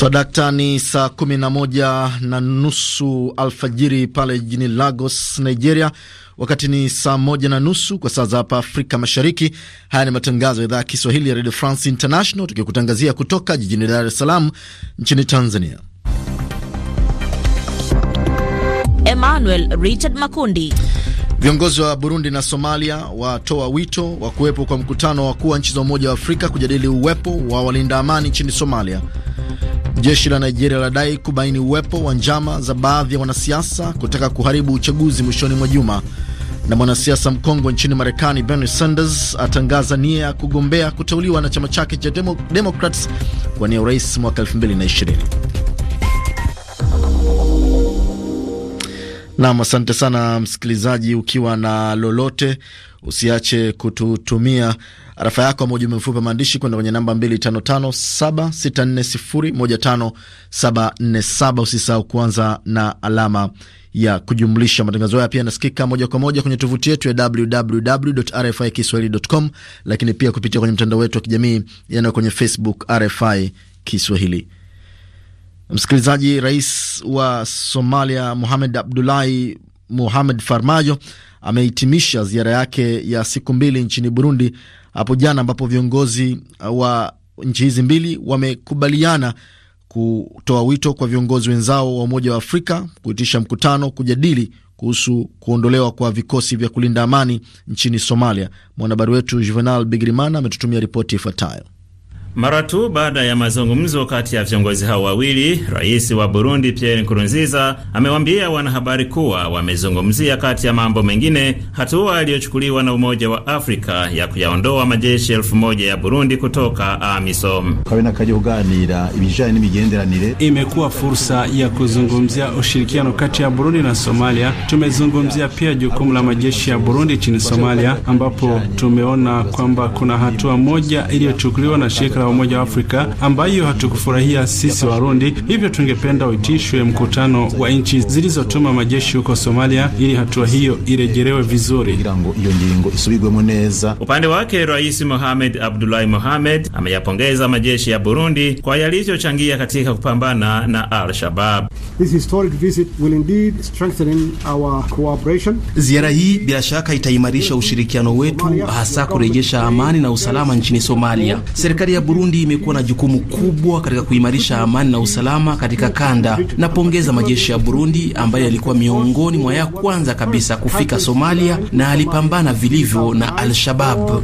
Swadakta, ni saa kumi na moja na nusu alfajiri pale jijini Lagos, Nigeria, wakati ni saa moja na nusu kwa saa za hapa Afrika Mashariki. Haya ni matangazo ya idhaa ya Kiswahili ya Radio France International, tukikutangazia kutoka jijini Dar es Salaam nchini Tanzania. Emmanuel Richard Makundi. Viongozi wa Burundi na Somalia watoa wito wa kuwepo kwa mkutano wa kuu wa nchi za Umoja wa Afrika kujadili uwepo wa walinda amani nchini Somalia. Jeshi la Nigeria ladai kubaini uwepo wa njama za baadhi ya wanasiasa kutaka kuharibu uchaguzi mwishoni mwa juma. Na mwanasiasa mkongwe nchini Marekani Bernie Sanders atangaza nia ya kugombea kuteuliwa na chama chake cha Demo Democrats kuwania urais mwaka 2020. Nam, asante sana msikilizaji. Ukiwa na lolote usiache kututumia rafa yako ama ujumbe mfupi wa maandishi kwenda kwenye namba 255764015747. Usisahau kuanza na alama ya kujumlisha. Matangazo haya pia yanasikika moja kwa moja kwenye tovuti yetu ya www.rfikiswahili.com, lakini pia kupitia kwenye mtandao wetu wa kijamii yanayo kwenye Facebook RFI Kiswahili. Msikilizaji, rais wa Somalia Muhamed abdulahi muhamed Farmajo amehitimisha ziara yake ya siku mbili nchini Burundi hapo jana, ambapo viongozi uh, wa nchi hizi mbili wamekubaliana kutoa wito kwa viongozi wenzao wa Umoja wa Afrika kuitisha mkutano kujadili kuhusu kuondolewa kwa vikosi vya kulinda amani nchini Somalia. Mwanahabari wetu Juvenal Bigrimana ametutumia ripoti ifuatayo. Mara tu baada ya mazungumzo kati ya viongozi hao wawili, rais wa Burundi Pierre Nkurunziza amewaambia wanahabari kuwa wamezungumzia kati ya mambo mengine hatua iliyochukuliwa na Umoja wa Afrika ya kuyaondoa majeshi elfu moja ya Burundi kutoka AMISOM. Imekuwa fursa ya kuzungumzia ushirikiano kati ya Burundi na Somalia. Tumezungumzia pia jukumu la majeshi ya Burundi nchini Somalia, ambapo tumeona kwamba kuna hatua moja iliyochukuliwa na shirika la Umoja wa Afrika ambayo hatukufurahia sisi Warundi, hivyo tungependa uitishwe mkutano wa nchi zilizotuma majeshi huko Somalia ili hatua hiyo irejelewe vizuri. Upande wake Rais Mohamed Abdullahi Mohamed ameyapongeza majeshi ya Burundi kwa yalichochangia katika kupambana na Al-Shabab. Ziara hii bila shaka itaimarisha ushirikiano wetu, hasa kurejesha amani na usalama nchini Somalia. Serikali ya Burundi imekuwa na jukumu kubwa katika kuimarisha amani na usalama katika kanda. Napongeza majeshi ya Burundi ambayo yalikuwa miongoni mwa ya kwanza kabisa kufika Somalia na alipambana vilivyo na Al-Shabab.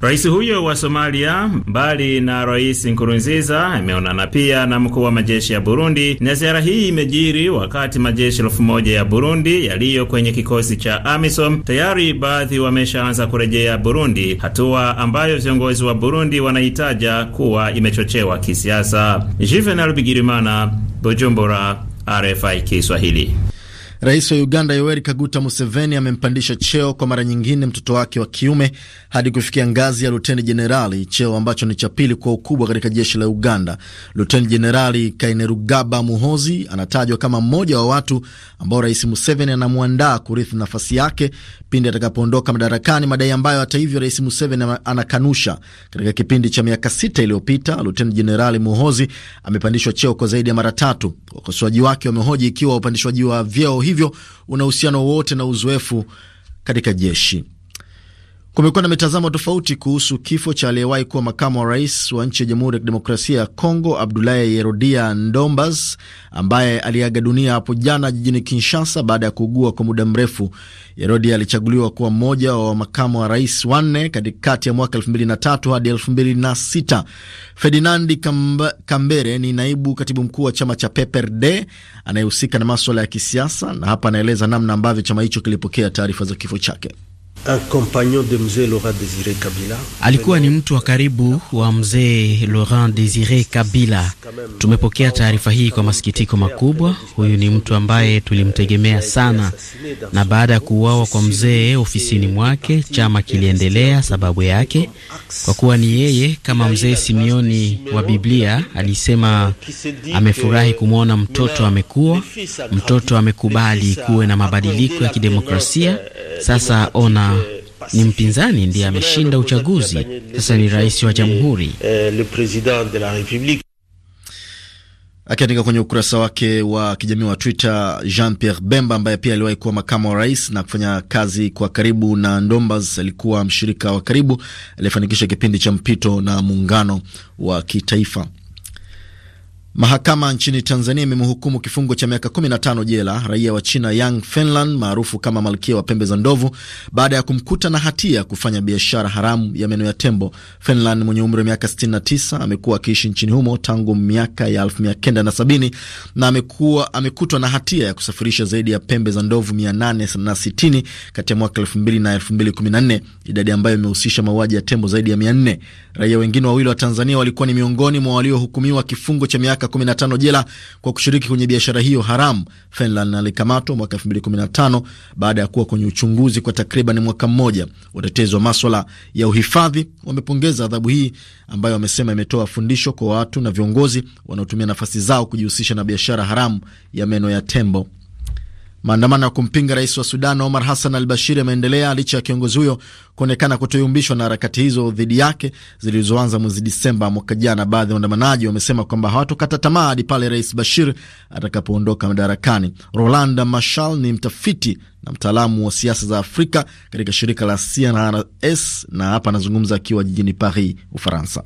Rais huyo wa Somalia, mbali na Rais Nkurunziza, ameonana pia na mkuu wa majeshi ya Burundi, na ziara hii imejiri wakati majeshi elfu moja ya Burundi yaliyo kwenye kikosi cha AMISOM tayari baadhi wameshaanza kurejea Burundi, hatua ambayo viongozi viongozi wa Burundi wanaitaja kuwa imechochewa kisiasa. Juvenal Bigirimana, Bujumbura, RFI Kiswahili. Rais wa Uganda Yoweri Kaguta Museveni amempandisha cheo kwa mara nyingine mtoto wake wa kiume hadi kufikia ngazi ya luteni jenerali, cheo ambacho ni cha pili kwa ukubwa katika jeshi la Uganda. Luteni Jenerali Kainerugaba Muhozi anatajwa kama mmoja wa watu ambao Rais Museveni anamwandaa kurithi nafasi yake pindi atakapoondoka madarakani, madai ambayo hata hivyo Rais Museveni anakanusha. Katika kipindi cha miaka sita iliyopita, luteni jenerali Muhozi amepandishwa cheo kwa zaidi ya mara tatu. Wakosoaji wake wamehoji ikiwa upandishwaji wa vyeo hivyo una uhusiano wowote na uzoefu katika jeshi. Kumekuwa na mitazamo tofauti kuhusu kifo cha aliyewahi kuwa makamu wa rais wa nchi ya Jamhuri ya Kidemokrasia ya Kongo, Abdoulaye Yerodia Ndombas, ambaye aliaga dunia hapo jana jijini Kinshasa baada ya kuugua kwa muda mrefu. Yerodia alichaguliwa kuwa mmoja wa makamu wa rais wanne katikati ya mwaka 2003 hadi 2006. Ferdinandi Kambere ni naibu katibu mkuu wa chama cha PPRD anayehusika na maswala ya kisiasa, na hapa anaeleza namna ambavyo chama hicho kilipokea taarifa za kifo chake. Alikuwa ni mtu wa karibu wa mzee Laurent Desire Kabila. Tumepokea taarifa hii kwa masikitiko makubwa. Huyu ni mtu ambaye tulimtegemea sana, na baada ya kuuawa kwa mzee ofisini mwake, chama kiliendelea sababu yake, kwa kuwa ni yeye. Kama mzee simeoni wa Biblia alisema, amefurahi kumwona mtoto amekuwa, mtoto amekubali kuwe na mabadiliko ya kidemokrasia. Sasa ona ni mpinzani ndiye ameshinda uchaguzi, sasa ni rais wa jamhuri. Eh, Akiandika kwenye ukurasa wake wa kijamii wa Twitter, Jean Pierre Bemba ambaye pia aliwahi kuwa makamu wa rais na kufanya kazi kwa karibu na Ndombas, alikuwa mshirika wa karibu aliyefanikisha kipindi cha mpito na muungano wa kitaifa. Mahakama nchini Tanzania imemhukumu kifungo cha miaka 15 jela raia wa China Yang Fenlan maarufu kama malkia wa pembe za ndovu baada ya kumkuta na hatia ya kufanya biashara haramu ya meno ya tembo. Fenlan mwenye umri wa miaka 69 amekuwa akiishi nchini humo tangu miaka ya 1970 na amekuwa amekutwa na hatia ya kusafirisha zaidi ya pembe za ndovu 860 kati ya mwaka 2000 na 2014, idadi ambayo imehusisha mauaji ya tembo zaidi ya 400. Raia wengine wawili wa Tanzania walikuwa ni miongoni mwa waliohukumiwa kifungo cha miaka miaka 15 jela kwa kushiriki kwenye biashara hiyo haramu. Fenlan alikamatwa mwaka 2015 baada ya kuwa kwenye uchunguzi kwa takriban mwaka mmoja. Watetezi wa maswala ya uhifadhi wamepongeza adhabu hii ambayo wamesema imetoa fundisho kwa watu na viongozi wanaotumia nafasi zao kujihusisha na biashara haramu ya meno ya tembo. Maandamano ya kumpinga rais wa Sudan Omar Hassan al Bashir yameendelea licha ya kiongozi huyo kuonekana kutoyumbishwa na harakati hizo dhidi yake zilizoanza mwezi Disemba mwaka jana. Baadhi ya waandamanaji wamesema kwamba hawatokata tamaa hadi pale rais Bashir atakapoondoka madarakani. Roland Marshall ni mtafiti na mtaalamu wa siasa za Afrika katika shirika la CNRS na hapa anazungumza akiwa jijini Paris, Ufaransa.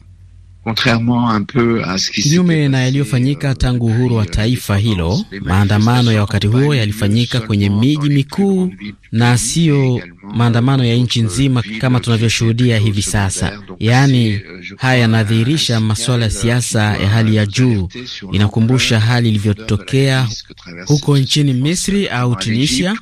Kinyume na yaliyofanyika euh, tangu uhuru wa euh, taifa hilo, maandamano ya wakati huo yalifanyika kwenye miji mikuu na siyo maandamano ya euh, nchi nzima kama tunavyoshuhudia hivi sasa. Yaani, haya yanadhihirisha masuala ya siasa ya hali ya juu, inakumbusha hali ilivyotokea huko nchini Misri au Tunisia.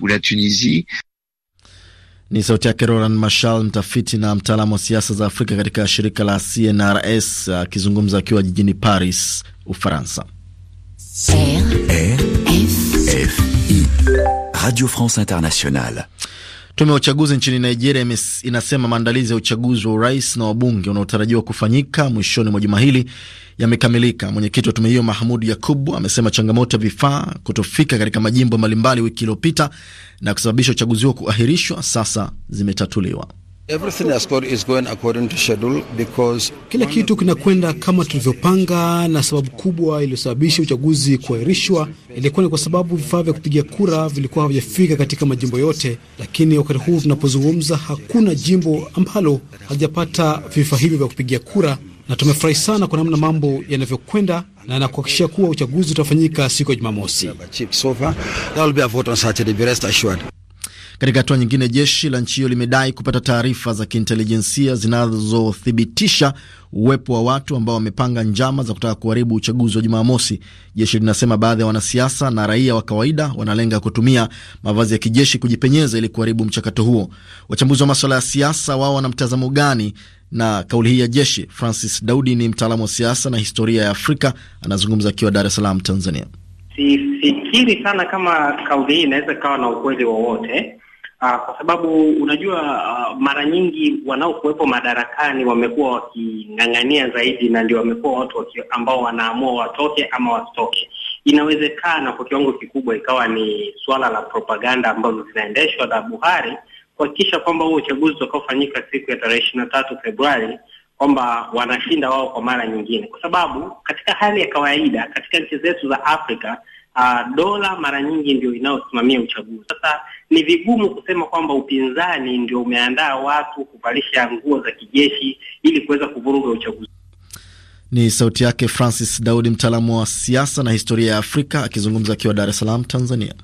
Ni sauti yake Roland Marshal, mtafiti na mtaalamu wa siasa za Afrika katika shirika la CNRS akizungumza akiwa jijini Paris, Ufaransa. Radio France Internationale. Tume ya uchaguzi nchini Nigeria inasema maandalizi ya uchaguzi wa urais na wabunge unaotarajiwa kufanyika mwishoni mwa juma hili yamekamilika. Mwenyekiti wa tume hiyo Mahmud Yakubu amesema changamoto ya vifaa kutofika katika majimbo mbalimbali wiki iliyopita na kusababisha uchaguzi huo kuahirishwa sasa zimetatuliwa. Kila kitu kinakwenda kama tulivyopanga, na sababu kubwa iliyosababisha uchaguzi kuahirishwa ilikuwa ni kwa sababu vifaa vya kupigia kura vilikuwa havijafika katika majimbo yote, lakini wakati huu tunapozungumza, hakuna jimbo ambalo halijapata vifaa hivyo vya kupigia kura, na tumefurahi sana kwa namna mambo yanavyokwenda na nakuhakikishia kuwa uchaguzi utafanyika siku ya Jumamosi. Katika hatua nyingine, jeshi la nchi hiyo limedai kupata taarifa za kiintelijensia zinazothibitisha uwepo wa watu ambao wamepanga njama za kutaka kuharibu uchaguzi wa Jumamosi. Jeshi linasema baadhi ya wanasiasa na raia wa kawaida wanalenga kutumia mavazi ya kijeshi kujipenyeza ili kuharibu mchakato huo. Wachambuzi wa maswala ya siasa, wao wana mtazamo gani na kauli hii ya jeshi? Francis Daudi ni mtaalamu wa siasa na historia ya Afrika, anazungumza akiwa Dar es Salaam, Tanzania. Sifikiri sana kama kauli hii inaweza ikawa na ukweli wowote Uh, kwa sababu unajua uh, mara nyingi wanaokuwepo madarakani wamekuwa waking'ang'ania zaidi, na ndio wamekuwa watu waki, ambao wanaamua watoke ama wasitoke. Inawezekana kwa kiwango kikubwa ikawa ni suala la propaganda ambazo zinaendeshwa na Buhari kuhakikisha kwamba huo uchaguzi utakaofanyika siku ya tarehe ishirini na tatu Februari kwamba wanashinda wao kwa mara nyingine, kwa sababu katika hali ya kawaida katika nchi zetu za Afrika uh, dola mara nyingi ndio inayosimamia uchaguzi. Sasa ni vigumu kusema kwamba upinzani ndio umeandaa watu kuvalisha nguo za kijeshi ili kuweza kuvuruga uchaguzi. Ni sauti yake Francis Daudi, mtaalamu wa siasa na historia ya Afrika akizungumza akiwa Dar es Salaam, Tanzania.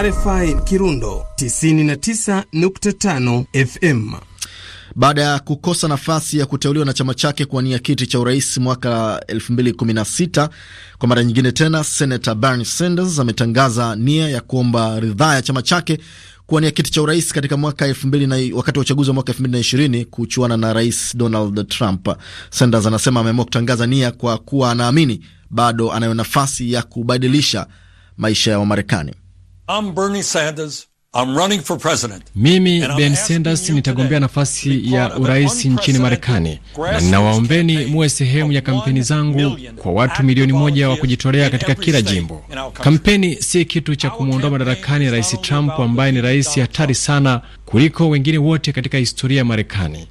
RFI Kirundo 99.5 FM baada ya kukosa nafasi ya kuteuliwa na chama chake kuwania kiti cha urais mwaka 2016. Kwa mara nyingine tena, senata Bernie Sanders ametangaza nia ya kuomba ridhaa ya chama chake kuwania kiti cha urais katika mwaka elfu mbili na wakati wa uchaguzi wa mwaka elfu mbili na ishirini kuchuana na rais Donald Trump. Sanders anasema ameamua kutangaza nia kwa kuwa anaamini bado anayo nafasi ya kubadilisha maisha ya Wamarekani. I'm Bernie Sanders. I'm running for president. Mimi Ben Sanders nitagombea nafasi ya urais nchini Marekani, na ninawaombeni muwe sehemu ya kampeni zangu kwa watu milioni moja wa kujitolea katika kila jimbo. Kampeni si kitu cha kumwondoa madarakani Rais Trump ambaye ni rais hatari sana kuliko wengine wote katika historia ya Marekani.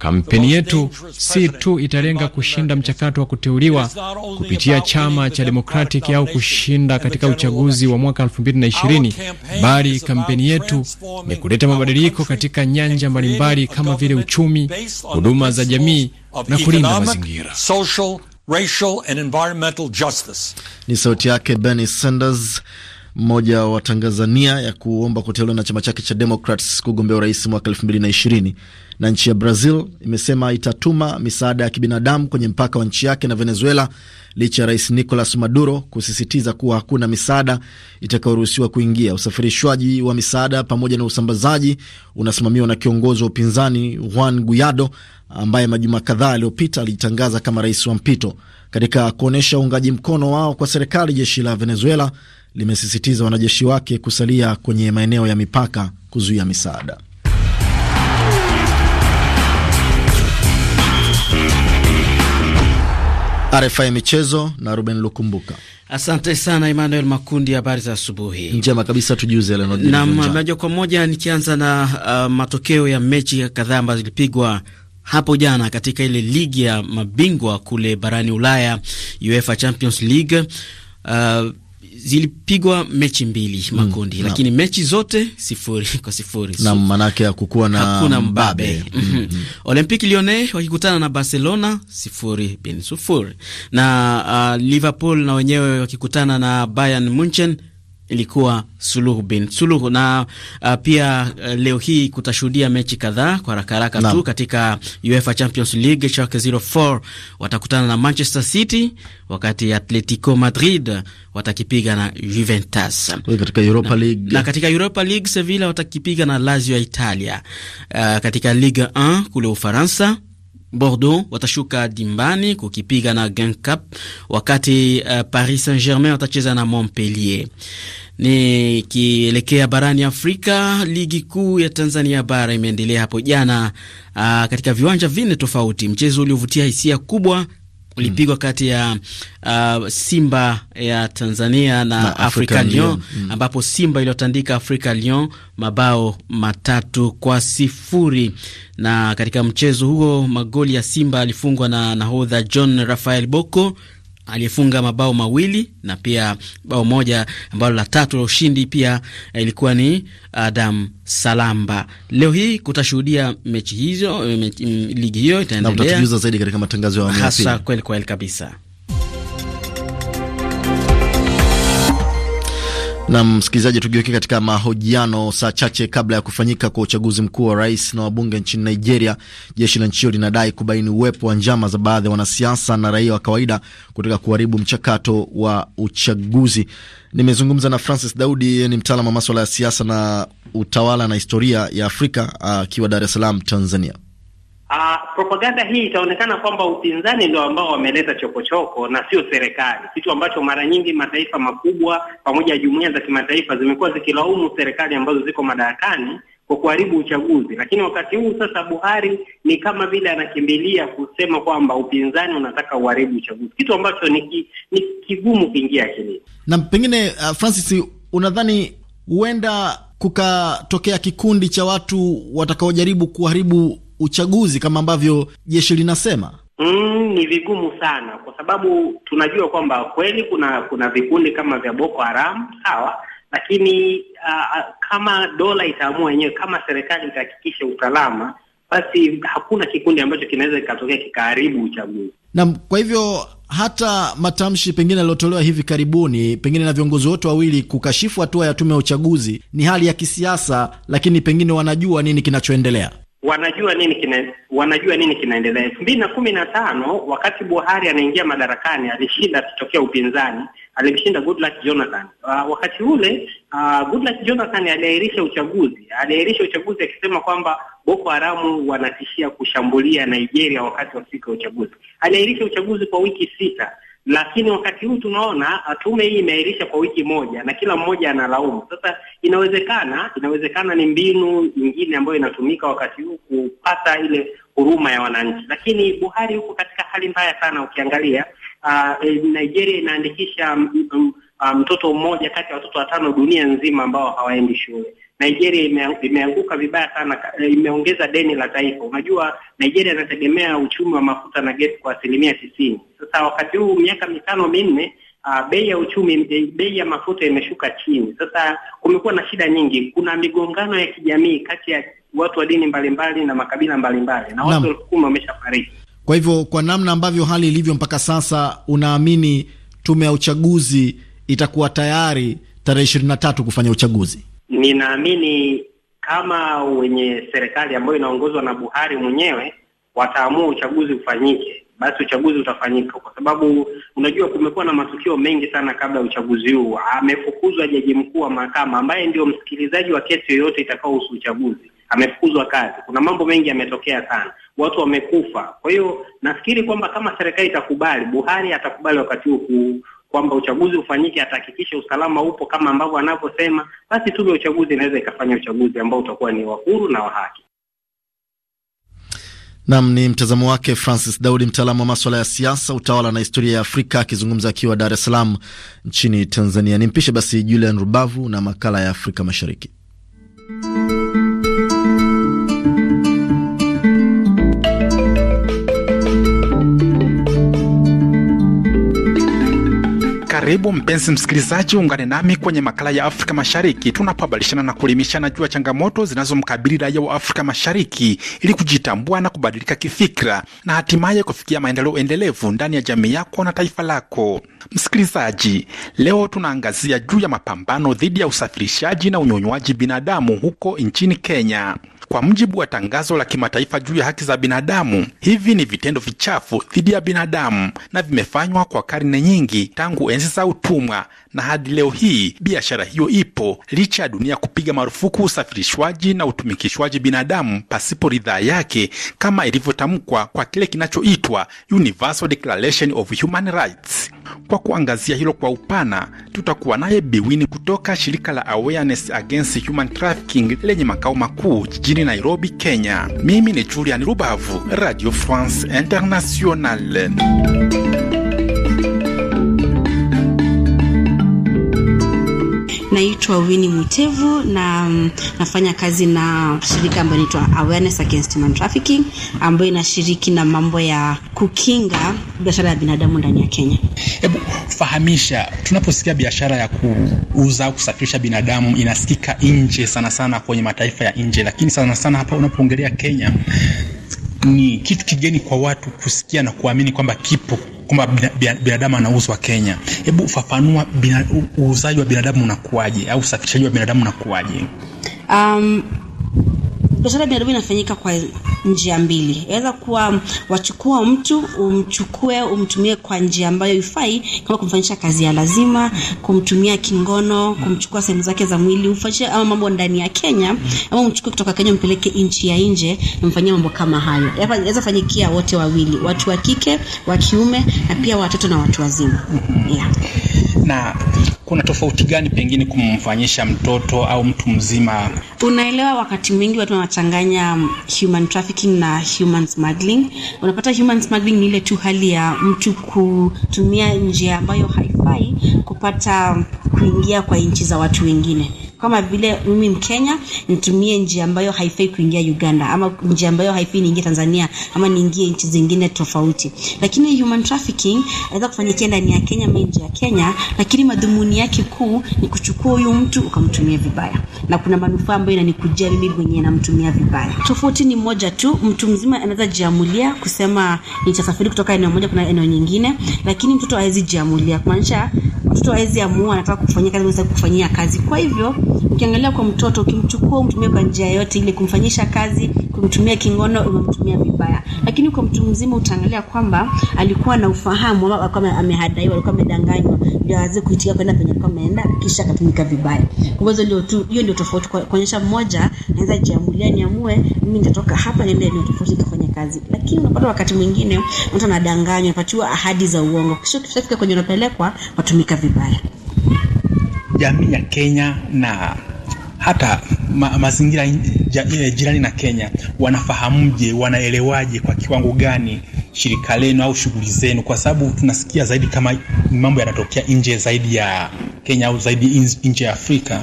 Kampeni yetu si tu italenga kushinda mchakato wa kuteuliwa kupitia chama cha Democratic au kushinda katika uchaguzi wa mwaka 2020, bali kampeni yetu ni kuleta mabadiliko katika nyanja mbalimbali kama vile uchumi, huduma za jamii na kulinda mazingira. Racial and environmental justice. Ni sauti yake Bernie Sanders mmoja wa Tanzania ya kuomba kuteuliwa na chama chake cha Democrats kugombea urais mwaka 2020 na nchi ya Brazil imesema itatuma misaada ya kibinadamu kwenye mpaka wa nchi yake na Venezuela licha ya rais Nicolas Maduro kusisitiza kuwa hakuna misaada itakayoruhusiwa kuingia. Usafirishwaji wa misaada pamoja na usambazaji unasimamiwa na kiongozi wa upinzani Juan Guaido ambaye majuma kadhaa aliyopita alijitangaza kama rais wa mpito. Katika kuonyesha uungaji mkono wao kwa serikali, jeshi la Venezuela limesisitiza wanajeshi wake kusalia kwenye maeneo ya mipaka kuzuia misaada. RFI Michezo na Ruben Lukumbuka. Asante sana Emmanuel Makundi, habari za asubuhi. Njema kabisa, tujuze leo. moja kwa moja nikianza na uh, matokeo ya mechi kadhaa ambazo zilipigwa hapo jana katika ile ligi ya mabingwa kule barani Ulaya, UEFA Champions League uh, zilipigwa mechi mbili mm, makundi mm, lakini mechi zote sifuri kwa sifuri na manake ya kukuwa na hakuna mbabe. mm -hmm. Olympique Lyonnais wakikutana na Barcelona sifuri bin sufuri na uh, Liverpool na wenyewe wakikutana na Bayern Munchen ilikuwa suluhu bin suluhu. Na uh, pia uh, leo hii kutashuhudia mechi kadhaa kwa haraka haraka tu katika UEFA Champions League. Schalke 04 watakutana na Manchester City, wakati Atletico Madrid watakipiga na Juventus. Katika Europa League, na, na katika Europa League Sevilla watakipiga na Lazio ya Italia. Uh, katika Ligue 1 kule Ufaransa Bordeaux watashuka dimbani kukipiga na Genk cup wakati uh, Paris Saint-Germain watacheza na Montpellier. Nikielekea barani Afrika, ligi kuu ya Tanzania bara imeendelea hapo jana, uh, katika viwanja vinne tofauti, mchezo uliovutia hisia kubwa ulipigwa mm. kati ya uh, Simba ya Tanzania na, na Africa Lyon mm, mm, ambapo Simba iliyotandika Africa Lyon mabao matatu kwa sifuri na katika mchezo huo magoli ya Simba alifungwa na nahodha John Rafael Boko aliyefunga mabao mawili na pia bao moja ambalo la tatu la ushindi pia eh, ilikuwa ni Adam Salamba. Leo hii kutashuhudia mechi hizo, eh, mechi, mm, ligi hiyo itaendelea zaidi katika matangazo ya hasa kweli kweli kabisa. Na msikilizaji, tugeuke katika mahojiano. Saa chache kabla ya kufanyika kwa uchaguzi mkuu wa rais na wabunge nchini Nigeria, jeshi la nchi hiyo linadai kubaini uwepo wa njama za baadhi ya wanasiasa na raia wa kawaida kutaka kuharibu mchakato wa uchaguzi. Nimezungumza na Francis Daudi, ni mtaalamu wa maswala ya siasa na utawala na historia ya Afrika akiwa Dar es Salaam, Tanzania. Uh, propaganda hii itaonekana kwamba upinzani ndio ambao wameleta chokochoko na sio serikali, kitu ambacho mara nyingi mataifa makubwa pamoja na jumuiya za kimataifa zimekuwa zikilaumu serikali ambazo ziko madarakani kwa kuharibu uchaguzi. Lakini wakati huu sasa, Buhari ni kama vile anakimbilia kusema kwamba upinzani unataka uharibu uchaguzi, kitu ambacho ni, ki, ni kigumu kuingia akilini. Na pengine uh, Francis, unadhani huenda kukatokea kikundi cha watu watakaojaribu kuharibu uchaguzi kama ambavyo jeshi linasema? Mm, ni vigumu sana kwa sababu tunajua kwamba kweli kuna kuna vikundi kama vya Boko Haram sawa, lakini uh, kama dola itaamua yenyewe, kama serikali itahakikisha usalama, basi hakuna kikundi ambacho kinaweza kikatokea kikaharibu uchaguzi. Naam, kwa hivyo hata matamshi pengine yaliyotolewa hivi karibuni pengine na viongozi wote wawili kukashifu hatua ya tume ya uchaguzi ni hali ya kisiasa, lakini pengine wanajua nini kinachoendelea wanajua nini kina, wanajua nini kinaendelea. elfu mbili na kumi na tano wakati Buhari anaingia madarakani alishinda akitokea upinzani, alimshinda Goodluck Jonathan. Uh, wakati ule uh, Goodluck Jonathan aliahirisha uchaguzi, aliahirisha uchaguzi akisema kwamba Boko Haramu wanatishia kushambulia Nigeria wakati wa siku ya uchaguzi. Aliahirisha uchaguzi kwa wiki sita lakini wakati huu tunaona ah, tume hii imeahirisha kwa wiki moja na kila mmoja analaumu. Sasa inawezekana, inawezekana ni mbinu nyingine ambayo inatumika wakati huu kupata ile huruma ya wananchi, lakini Buhari huko katika hali mbaya sana. Ukiangalia uh, Nigeria inaandikisha mm, mm, ah, mtoto mmoja kati ya watoto watano dunia nzima ambao hawaendi shule. Nigeria imeanguka vibaya sana, eh, imeongeza deni la taifa. Unajua, Nigeria inategemea uchumi wa mafuta na gesi kwa asilimia tisini. Sasa wakati huu miaka mitano minne Uh, bei ya uchumi, eh, bei ya mafuta imeshuka chini. Sasa kumekuwa na shida nyingi, kuna migongano ya kijamii kati ya watu wa dini mbalimbali na makabila mbalimbali na watu elfu kumi wameshafariki. Kwa hivyo, kwa namna ambavyo hali ilivyo mpaka sasa, unaamini tume ya uchaguzi itakuwa tayari tarehe ishirini na tatu kufanya uchaguzi? ninaamini kama wenye serikali ambayo inaongozwa na Buhari mwenyewe wataamua uchaguzi ufanyike, basi uchaguzi utafanyika, kwa sababu unajua kumekuwa na matukio mengi sana kabla ya uchaguzi huu. Amefukuzwa jaji mkuu wa mahakama ambaye ndio msikilizaji wa kesi yoyote itakayohusu uchaguzi, amefukuzwa kazi. Kuna mambo mengi yametokea sana, watu wamekufa. Kwa hiyo nafikiri kwamba kama serikali itakubali, Buhari atakubali wakati huu kwamba uchaguzi ufanyike, atahakikisha usalama upo kama ambavyo anavyosema, basi tume ya uchaguzi inaweza ikafanya uchaguzi ambao utakuwa ni wa huru na wa haki. Nam ni mtazamo wake Francis Daudi, mtaalamu wa maswala ya siasa, utawala na historia ya Afrika, akizungumza akiwa Dar es Salaam nchini Tanzania. Nimpishe basi Julian Rubavu na makala ya Afrika Mashariki. Karibu mpenzi msikilizaji, ungane nami kwenye makala ya Afrika Mashariki tunapobadilishana na kuelimishana juu ya changamoto zinazomkabili raia wa Afrika Mashariki ili kujitambua na kubadilika kifikra na hatimaye kufikia maendeleo endelevu ndani ya jamii yako na taifa lako. Msikilizaji, leo tunaangazia juu ya mapambano dhidi ya usafirishaji na unyonywaji binadamu huko nchini Kenya kwa mujibu wa tangazo la kimataifa juu ya haki za binadamu. Hivi ni vitendo vichafu dhidi ya binadamu na vimefanywa kwa karne nyingi, tangu enzi za utumwa na hadi leo hii biashara hiyo ipo, licha ya dunia kupiga marufuku usafirishwaji na utumikishwaji binadamu pasipo ridhaa yake, kama ilivyotamkwa kwa kile kinachoitwa Universal Declaration of Human Rights. Kwa kuangazia hilo kwa upana, tutakuwa naye Biwini kutoka shirika la Awareness Against Human Trafficking lenye makao makuu jijini Nairobi, Kenya. Mimi ni Julian Rubavu, Radio France Internationale. naitwa wini Mutevu na mm, nafanya kazi na shirika ambayo inaitwa Awareness Against Human Trafficking ambayo inashiriki na mambo ya kukinga biashara ya binadamu ndani ya Kenya. Hebu fahamisha, tunaposikia biashara ya kuuza au kusafirisha binadamu inasikika nje sana sana kwenye mataifa ya nje, lakini sana sana hapa unapoongelea Kenya ni kitu kigeni kwa watu kusikia na kuamini kwamba kipo kwamba binadamu anauzwa Kenya. Hebu ufafanua uuzaji wa binadamu unakuwaje, au usafirishaji wa binadamu unakuwaje? um, biashara binadamu inafanyika kwa njia mbili inaweza kuwa wachukua mtu umchukue umtumie kwa njia ambayo ifai kama kumfanyisha kazi ya lazima kumtumia kingono kumchukua sehemu zake za mwili ufanyishe ama mambo ndani ya kenya ama umchukue kutoka kenya umpeleke nchi ya nje umfanyie mambo kama hayo inaweza fanyikia wote wawili watu wa kike wa kiume na pia watoto na watu wazima yeah. na kuna tofauti gani pengine kumfanyisha mtoto au mtu mzima? Unaelewa, wakati mwingi watu wanachanganya um, human trafficking na human smuggling. Unapata human smuggling ni ile tu hali ya mtu kutumia njia ambayo haifai kupata kuingia kwa nchi za watu wengine kama vile mimi Mkenya nitumie njia ambayo haifai kuingia Uganda ama njia ambayo haifai niingie Tanzania ama niingie nchi zingine tofauti. Lakini human trafficking inaweza kufanyikia ndani ya Kenya ama nje ya Kenya, lakini madhumuni yake kuu ni kuchukua huyu mtu ukamtumia vibaya, na kuna manufaa ambayo inanikujia mimi mwenyewe namtumia vibaya. Tofauti ni moja tu, mtu mzima anaweza jiamulia kusema nitasafiri kutoka eneo moja kuna eneo nyingine, lakini mtoto hawezi jiamulia, kumaanisha mtoto hawezi amua anataka kufanyia kazi, kufanyia kazi. Kwa hivyo ukiangalia kwa mtoto ukimchukua umtumia kwa njia yote ile kumfanyisha kazi kumtumia kingono umemtumia vibaya lakini kwa mtu mzima utaangalia kwamba alikuwa na ufahamu kama amehadaiwa alikuwa amedanganywa ndio aweze kuitia kwenda penye alikuwa ameenda kisha akatumika vibaya kwa hivyo hiyo ndio tofauti kuonyesha mmoja anaweza jiamulia niamue mimi nitatoka hapa niende ni tofauti kufanya kazi lakini unapata wakati mwingine mtu anadanganywa anapatiwa ahadi za uongo kisha ukishafika kwenye unapelekwa watumika vibaya jamii ya Kenya na hata ma, mazingira ja, eh, jirani na Kenya wanafahamuje, wanaelewaje kwa kiwango gani shirika lenu au shughuli zenu, kwa sababu tunasikia zaidi kama mambo yanatokea nje zaidi ya Kenya au zaidi nje ya Afrika.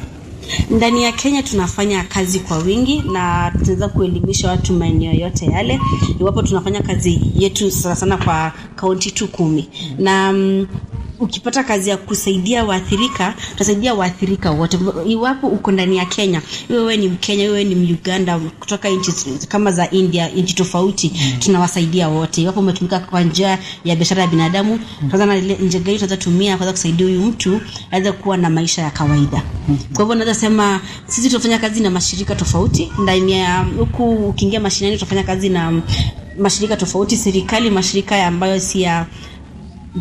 Ndani ya Kenya tunafanya kazi kwa wingi na tunaweza kuelimisha watu maeneo yote yale, iwapo tunafanya kazi yetu sana sana kwa kaunti tu kumi na mm, ukipata kazi ya kusaidia waathirika, utasaidia waathirika wote, iwapo uko ndani ya Kenya, wewe ni Mkenya, wewe ni Muganda, kutoka nchi kama za India, nchi tofauti mm. tunawasaidia wote, iwapo umetumika kwa njia ya biashara ya binadamu mm. kwanza, na njia gani tunaweza tumia kwanza kusaidia huyu mtu aweze kuwa na maisha ya kawaida mm. Kwa hivyo naweza sema sisi tunafanya kazi na mashirika tofauti ndani ya huku, ukiingia mashinani tunafanya kazi na mashirika tofauti, serikali, mashirika ambayo si ya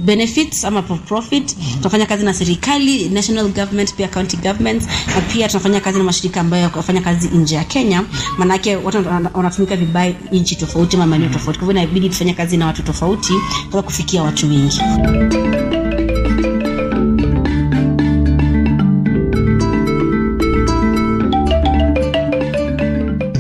benefits ama profit. Tunafanya kazi na serikali, national government, pia county governments, na pia tunafanya kazi na mashirika ambayo yanafanya kazi nje ya Kenya, manake watu wanatumika vibaya nchi tofauti ama maeneo tofauti. Kwa hivyo inabidi tufanye kazi na watu tofauti kwa kufikia watu wengi.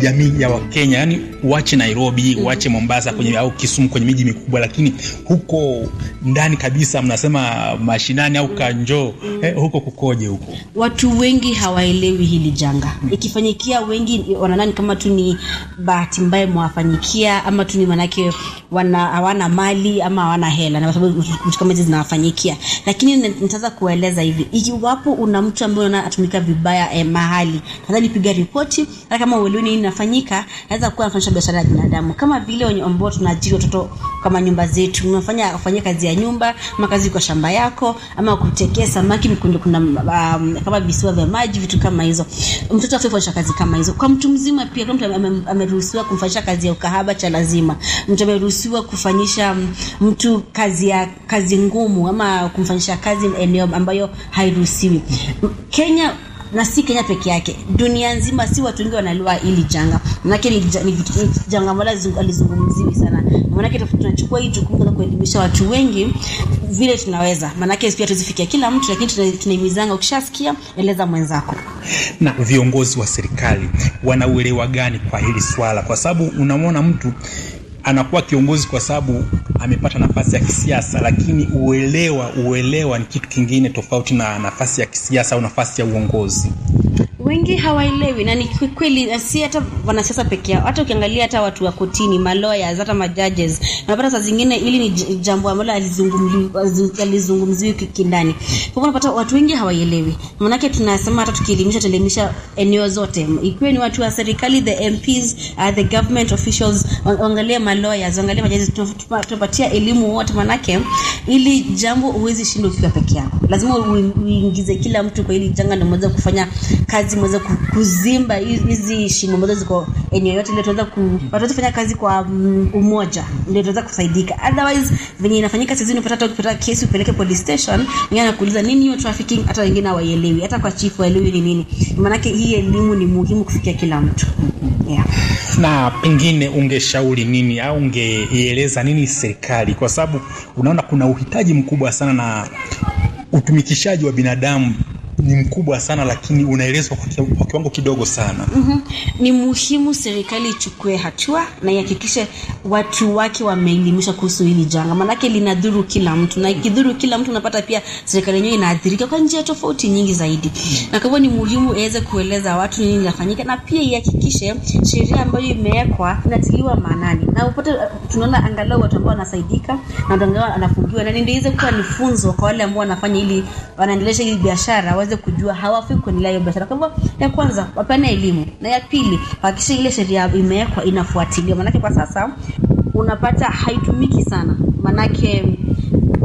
jamii ya Wakenya, yani uache Nairobi, mm-hmm. uache Mombasa kwenye au Kisumu kwenye miji mikubwa, lakini huko ndani kabisa mnasema mashinani au Kanjo eh, huko kukoje? Huko watu wengi hawaelewi hili janga, mm-hmm. ikifanyikia wengi wananani kama tu ni bahati mbaya mwafanyikia, ama tu ni manake wana hawana mali ama hawana hela, na sababu mtu kama hizi zinawafanyikia. Lakini nitaanza kueleza hivi, iwapo una mtu ambaye atumika vibaya eh, mahali, tafadhali piga ripoti, hata kama uelewi nini inafanyika yanaweza kuwa yanafanyisha biashara ya binadamu, kama vile wenye ambao tunaajiri watoto kama nyumba zetu, unafanya kufanyia kazi ya nyumba ama kazi kwa shamba yako ama kutekea samaki mkundu, kuna um, kama visiwa vya maji, vitu kama hizo. Mtoto afanye kazi kama hizo. Kwa mtu mzima pia, kama mtu ameruhusiwa kumfanyisha kazi ya ukahaba cha lazima, mtu ameruhusiwa kufanyisha um, mtu kazi ya kazi ngumu ama kumfanyisha kazi eneo ambayo hairuhusiwi. Kenya na si Kenya peke yake, dunia nzima, si watu wengi wanaliwa hili janga, manake ni, ni janga ambalo alizungumziwi sana. Manake tunachukua hii jukumu la kuelimisha watu wengi vile tunaweza, manake pia tuzifikia kila mtu, lakini tunaimizanga, ukishasikia eleza mwenzako. Na viongozi wa serikali wanauelewa gani kwa hili swala? Kwa sababu unamwona mtu anakuwa kiongozi kwa sababu amepata nafasi ya kisiasa, lakini uelewa uelewa ni kitu kingine tofauti na nafasi ya kisiasa au nafasi ya uongozi wengi hawaelewi, na ni kweli, si hata wanasiasa peke yao, hata ukiangalia hata watu wa kotini, malawyers, hata majudges, unapata saa zingine ili ni jambo ambalo alizungumziwi kindani. Kwa hivyo unapata watu wengi hawaelewi, maanake tunasema hata tukielimisha, tuelimisha eneo zote, ikiwe ni watu wa serikali, the MPs, uh, the government officials, angalia malawyers, angalia majudges, tunapatia elimu wote, maanake ili jambo huwezi shinda ukiwa peke yako, lazima uingize kila mtu kwa ili janga ndio mmoja kufanya kazi basi mweze kuzimba hizi shimo ambazo ziko eneo yote, ndio tunaweza ku watu wote kufanya kazi kwa mm, umoja, ndio tunaweza kusaidika. Otherwise venye inafanyika sasa, ni hata ukipata kesi upeleke police station, ngine anakuuliza nini hiyo trafficking, hata wengine hawaelewi, hata kwa chief waelewi ni nini. Maana yake hii elimu ni muhimu kufikia kila mtu yeah. Na pengine ungeshauri nini au ungeieleza nini serikali, kwa sababu unaona kuna uhitaji mkubwa sana na utumikishaji wa binadamu ni mkubwa sana, lakini unaelezwa kwa kiwango kidogo sana. Mm -hmm. Ni muhimu serikali ichukue hatua na ihakikishe watu wake wameelimishwa kuhusu hili janga, maanake linadhuru kila mtu, na ikidhuru kila mtu unapata pia serikali yenyewe inaathirika kwa njia tofauti nyingi zaidi. Na kwa hivyo ni muhimu iweze kueleza watu nini inafanyika, na pia ihakikishe sheria ambayo imewekwa inatiliwa maanani, na upate tunaona angalau watu ambao wanasaidika na watu ambao wanafungiwa, na ndio iweze kuwa ni funzo kwa wale ambao wanafanya ili wanaendelesha hili biashara waweze kujua hawafiki kuendelea hiyo biashara. Kwa hivyo, ya kwanza wapane elimu, na ya pili hakikisha ile sheria imewekwa inafuatiliwa, maanake kwa sasa unapata haitumiki sana, maanake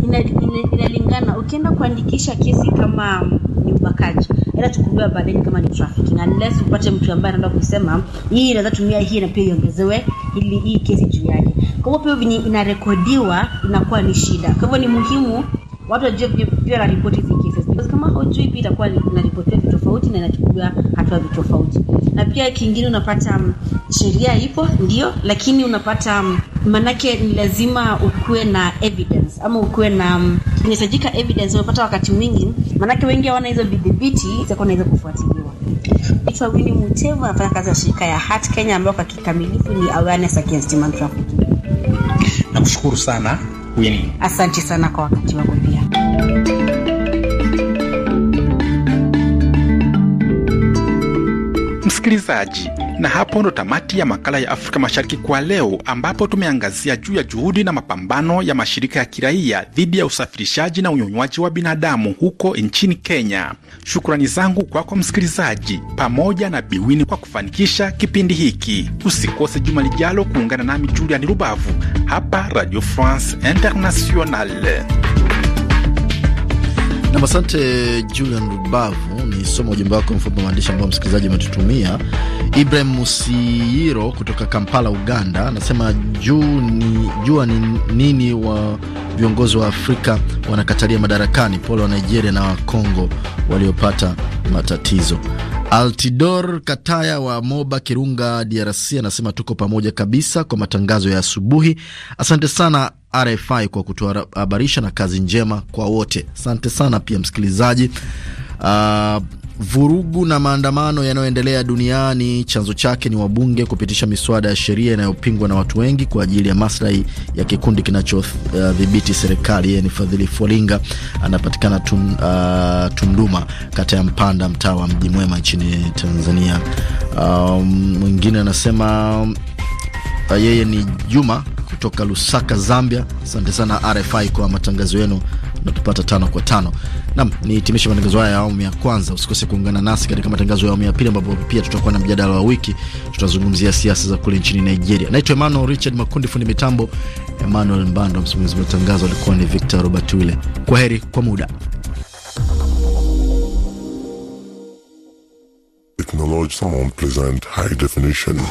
inalingana ina, ina ukienda kuandikisha kesi kama ni ubakaji ila chukuliwa baadaye kama ni trafficking unless upate mtu ambaye anaenda kusema hii inaweza tumia hii na pia iongezewe ili hii kesi juu yake. Kwa hivyo pia vinyi inarekodiwa inakuwa ni shida. Kwa hivyo ni muhimu watu wajue pia wanaripoti hizi kesi kama hujui pia itakuwa inaripotiwa vitu tofauti na inachukuliwa hatua vitu tofauti. Na pia kingine unapata mm, sheria ipo ndio, lakini unapata um, manake ni lazima ukuwe na evidence ama ukuwe na um, inahitajika evidence. Unapata wakati mwingi manake wengi hawana hizo vidhibiti zitakuwa naweza kufuatiliwa. Naitwa Winnie Mutevu, anafanya kazi ya shirika ya Heart Kenya ambayo kwa kikamilifu ni awareness against human trafficking. Nakushukuru sana Winnie, asante sana kwa wakati wako pia. msikilizaji, na hapo ndo tamati ya makala ya Afrika Mashariki kwa leo, ambapo tumeangazia juu ya juhudi na mapambano ya mashirika ya kiraia dhidi ya usafirishaji na unyonywaji wa binadamu huko nchini Kenya. Shukrani zangu kwako msikilizaji, pamoja na Biwini kwa kufanikisha kipindi hiki. Usikose juma lijalo kuungana nami Juliani Rubavu hapa Radio France Internationale. Nam, asante Julian Rubavu nisoma ujumbe wako mfupi wa maandishi ambao msikilizaji umetutumia. Ibrahim musiiro kutoka Kampala, Uganda, anasema juu ni, jua ni nini wa viongozi wa Afrika wanakatalia madarakani. Pole wa Nigeria na wa Kongo waliopata matatizo. Altidor Kataya wa Moba Kirunga, DRC anasema tuko pamoja kabisa kwa matangazo ya asubuhi. Asante sana RFI kwa kutuhabarisha na kazi njema kwa wote. Asante sana pia msikilizaji Uh, vurugu na maandamano yanayoendelea duniani chanzo chake ni wabunge kupitisha miswada ya sheria inayopingwa na watu wengi kwa ajili ya maslahi ya kikundi kinachodhibiti uh, serikali. Yeye ni Fadhili folinga anapatikana tum, uh, Tumduma, kata ya Mpanda, mtaa wa Mji Mwema nchini Tanzania. Um, mwingine um, anasema uh, yeye ni Juma kutoka Lusaka, Zambia. Asante sana RFI kwa matangazo yenu unatupata tano kwa tano. Nam ni matangazo haya ya awamu ya kwanza. Usikose kuungana nasi katika matangazo ya awamu ya pili, ambapo pia tutakuwa na mjadala wa wiki, tutazungumzia siasa za kule nchini Nigeria. Naitwa Emmanuel Richard Makundi, fundi mitambo Emmanuel Mbando, msimamizi wa matangazo alikuwa ni Victor Robert Wile. Kwa heri kwa muda. Technology someone present high definition.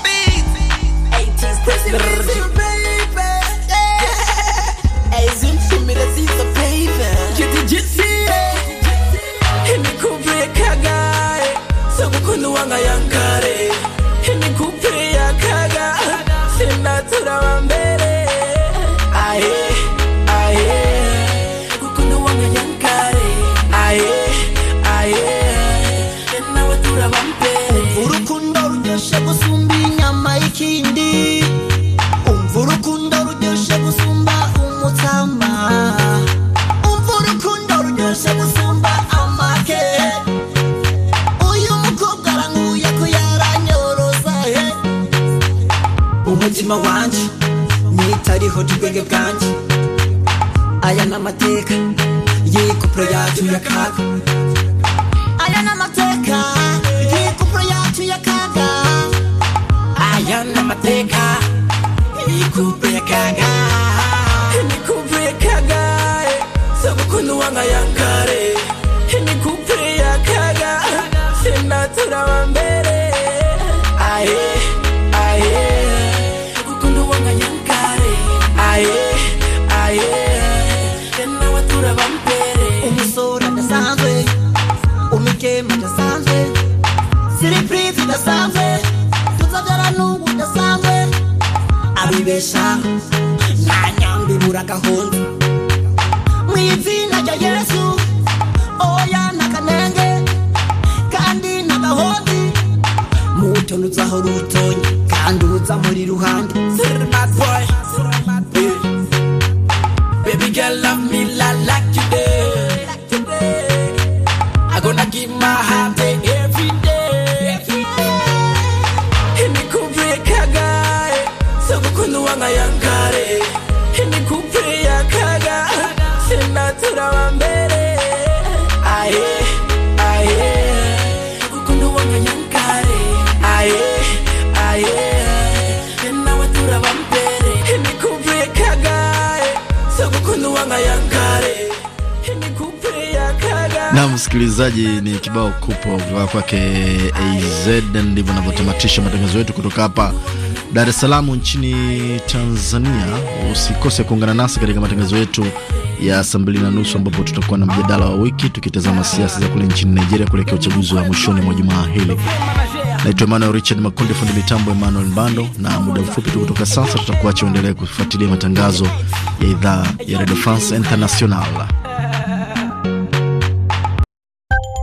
yacu ya kaga aya ni amateka imikupuro yacu ya kaga aya ni amateka imikupuro ya kaga imikupuro ya kaga eh. sogokunda uwanga yanga kuwezesha na nyambi muraka hol mwizina ja yesu oya nakanenge kandi nagahondi mutonuzaho rutonyi kandi uza muri ruhande na msikilizaji, ni kibao kupo kutoka kwake AZ. Ndivyo navyotamatisha matangazo yetu kutoka hapa Dar es Salaam nchini Tanzania. Usikose kuungana nasi katika matangazo yetu ya saa mbili na nusu ambapo tutakuwa na mjadala wa wiki tukitazama siasa za kule nchini Nigeria kuelekea uchaguzi wa mwishoni mwa jumaa hili. Naitwa Emmanuel Richard Makundi, fundi mitambo Emmanuel Mbando, na muda mfupi tu kutoka sasa tutakuacha uendelee kufuatilia matangazo ya idhaa ya Radio France International.